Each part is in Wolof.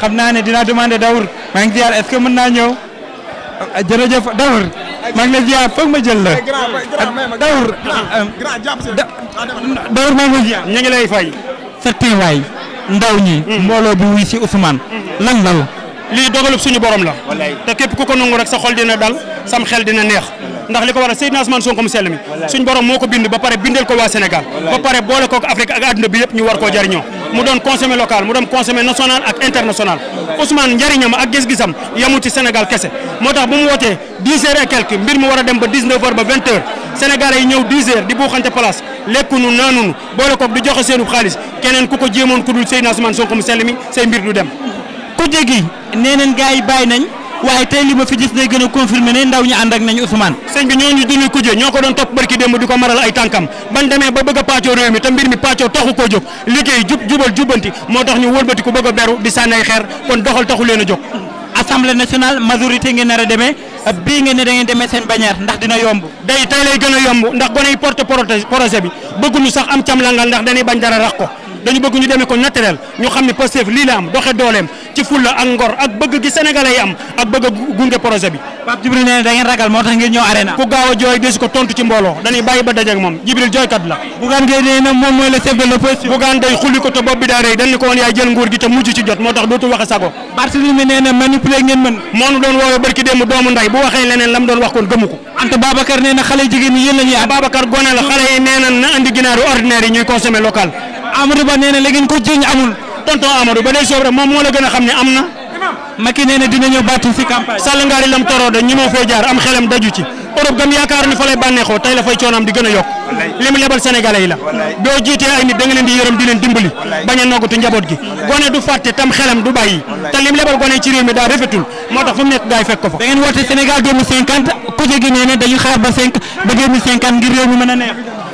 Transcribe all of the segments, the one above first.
xam naa ne dinaa demande Daour maa ngi ziar mën naa ñëw jërëjëf Daour maa ngi lay ziar foog ma jël la Daour Daour maa ngi lay ziar ñu ngi lay fay sa teewaay ndaw ñi hmm. mbooloo bi wuy si Ousmane hmm. lan la lii dogalub suñu borom la te képp ku ko nangu rek sa xol dina dal sam xel dina neex ndax li ko waral Seydina Ousmane Sonko mu sell mi suñu borom moo ko bind ba pare bindal ko waa Sénégal ba pare boole ko ak Afrique ak àdduna bi yëpp ñu war koo jariñoo mu doon consommé local mu doon consommé national ak international Ousmane njariñam ak gis-gisam ci Sénégal kessé motax tax bu mu 10 h et quelques mbir mu wara dem ba 19 h ba 20 h Sénégalais yi ñëw 10 h di buuxante place lekkunu naanunu boole koog di joxe seenu xaliss kenen kuko jémon kudul Seyna Ousmane Sonko mu sell mi say mbir du dem. ku jéggi nénen gaay bay nañ. waaye tey li ma fi gis day gën a confirmer ne ndaw ñi ànd ak nañ Ousmane. sëñ bi ñooñu dund ko jë ñoo ko doon topp barki démb di ko maral ay tànkam ban demee ba bëgg a pàccoo réew mi te mbir mi pàccoo taxu koo jóg liggéey jub jubal jubbanti moo tax ñu wëlbati ku bëgg a beru di sànni ay kon doxal taxu leen a jóg. assemblée nationale majorité ngeen nar a demee bii ngeen ne da ngeen demee seen bannière ndax dina yomb. day tey lay gën a yomb ndax gone yi porte projet bi bëgguñu sax am càmm langal ndax dañuy bañ dara rax ko dañu bëgg ñu deme ko naturel ñu xam ne Pastef lii la am doxe dooleem ci fulla ak ngor ak bëgg gi sénégalais yi am ak bëgg gunge projet bi. Pape ragal moo tax ngeen ñëw arena. ku gaaw a jooy desu ko tontu ci mbooloo dañuy bàyyi ba dajeeg moom Djibril jooykat la. Bougane Gueye nee na moom mooy le chef de l'opposition. Bougane day xulli ko te bi daa rëy dañ ko woon nguur gi te mujj ci jot moo tax dootul waxe sago. Barthélemy nee na manipuler ngeen mën. moo nu Amadou Ba nee na la jiñ amul. tonton Amadou ba day soob rek moom moo la gën a xam ne am na. Macky nee dina ñëw battu si campagne. Sall ngaari lam toroo de ñi moo fay jaar am xelam daju ci. Europe a yokk li mu lebal sénégalais yi la leen di yërëm di leen dimbali bañ a njaboot gi gone du fàtte tam xelam du bàyyi te li lebal gone ci réew mi daa rafetul moo tax fu mu gaay fekk fa da ngeen woote Sénégal 2050 ku jege nee na xaar ba 5 ba 2050 ngir réew mi mën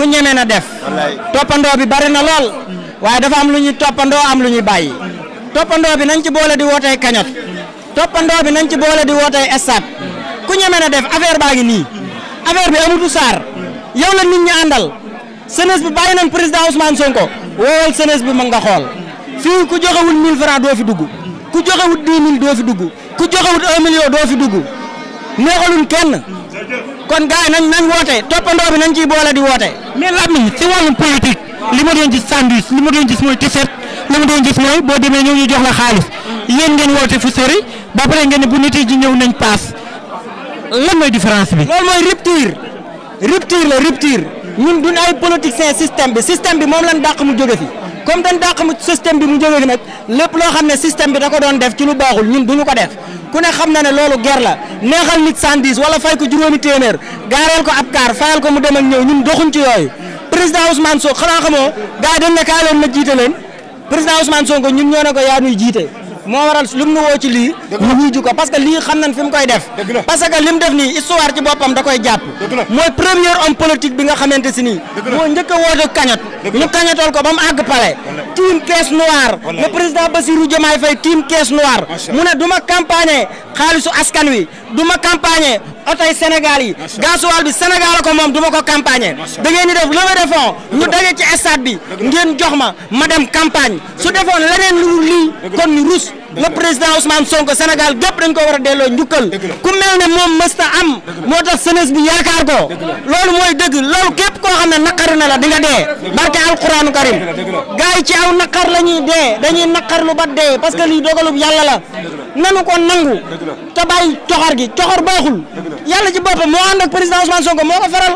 ku ñëmé na def topando bi bari na lol waye dafa am luñu topando am luñu bayyi topando bi nañ ci boole di wotay kañot topando bi nañ ci boole di wotay estat ku ñëmé na def affaire baa ngi nii affaire bi amutu sar yow la nit ñi andal senes bi bayyi nañ président Ousmane Sonko woowal senes bi ma nga xol fi ku joxewul 1000 francs do fi dugg ku joxewul 2000 do fi dugg ku joxewul 1 million do fi dugg neexalun kenn kon gars yi nañ nañ woote toppandoo bi nañ ciy boole di woote. mais Lamine si wàllum politique li ma doon gis sandwich li ma dee gis mooy t-shirt li mooy boo demee ñëw ñu jox la xaalis yéen ngeen woote fu sori ba pare ngeen ne bu nit ji ñëw nañ paas lan mooy différence bi. loolu mooy rupture rupture la rupture ñun duñ ay politiciens système bi système bi moom lañ dàq mu jóge fi. comme dañ dàq mu système bi mu jógee nag lépp loo xam ne système bi da ko doon def ci lu baaxul ñun du ñu ko def ku ne xam na ne loolu ger la neexal nit 110 wala fay ko juróomi téeméer gaareel ko ab kaar fayal ko mu dem ak ñëw ñun doxuñ ci yooyu président Ousmane Sonko xanaa xamoo gars yi dañ ne kaa leen ma jiite leen président Ousmane Sonko ñun ñoo ne ko yaa ñuy jiite. moo waral lu mu woo ci lii ñu wuyu ko parce que lii xam nañ fi mu koy def parce que li mu def nii histoire ci boppam da koy jàpp mooy premier homme politique bi nga xamante si nii moo njëkk a woote kañot ñu kañotal ko ba mu àgg pale team caisse noire le président Bassirou Diomaye Faye team caisse noire mu ne du ma xaalisu askan wi du ma campagne oto yi Sénégal yi gasoil bi Sénégal la ko moom du ma ko campagne da ngeen di def levée de fonds ñu daje ci stade bi ngeen jox ma ma dem campagne su defoon leneen lu lii kon ñu rus le président Ousmane Sonko Sénégal gépp dañ ko war a delloo njukkal ku mel ne moom mësta am moo tax jeunesse bi yaakaar ko loolu mooy dëgg loolu képp koo xam ne naqaru na la di nga dee barke alquranu karim gars yi ci aw naqar la ñuy dee dañuy naqar lu ba dee parce que lii dogalub yàlla la nanu ko nangu te bàyyi coxor gi coxor baaxul yàlla ci boppam moo ànd ak président Ousmane Sonko moo ko faral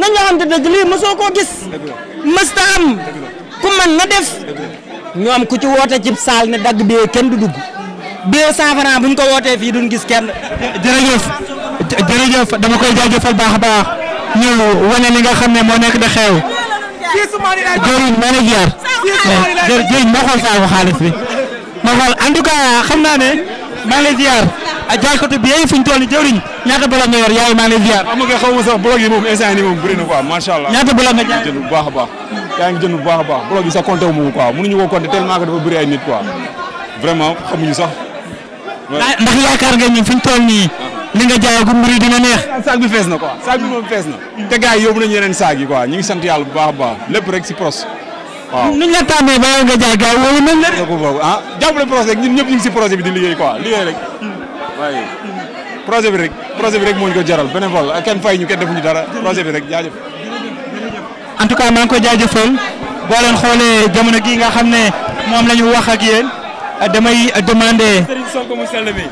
nañ ñoo xam te dëgg lii mësoo koo gis mësta am ku man na def ñoom ku ci woote cib saal ne dagg bee kenn du dugg deux cent francs buñ ko wootee fii duñ gis kenn jërëjëf jërëjëf dama koy jaajëfal baax a baax ñu wane li nga xam ne moo nekk da xew jëriñ ma ne ma xool saako xaalis bi ma xool en tout xam naa ne maa ngi lay ziar ak jaaykatu bi yéen fi ñu toll nii ñaata bloc nga yor yaay maa ngi lay ziar. am nga xaw sax bloc yi moom instant yii moom bëri na quoi macha allah. ñaata bloc nga jaay jënd bu baax a baax. yaa ngi jënd bu baax a baax bloc yi sax fi ñu toll nii. li nga jaayagum mbir yi dina fees na quoi saag bi fees na. te gars yi yóbbu nañu yi quoi ñu ngi sant yàlla bu baax a baax lépp rek si pros waaw nuñ la tànnee ba nga jaay gaaw wóolu nañ la de. ah jàppale projet ñun ñëpp ñu si projet bi di liggéey quoi liggéey rek. waaye projet bi rek projet bi rek moo ñu ko jaral beneen vol kenn fay ñu kenn defuñu dara projet bi rek jaajëf. en tout cas maa ngi koy jaajëfal boo leen xoolee jamono gi nga xam ne moom la ñu wax ak yéen damay demandé. Serigne Sonko mu sell mi.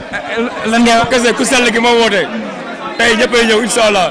lan ngay wax kese ku sell gi moo woote. tey ñëppay ñëw incha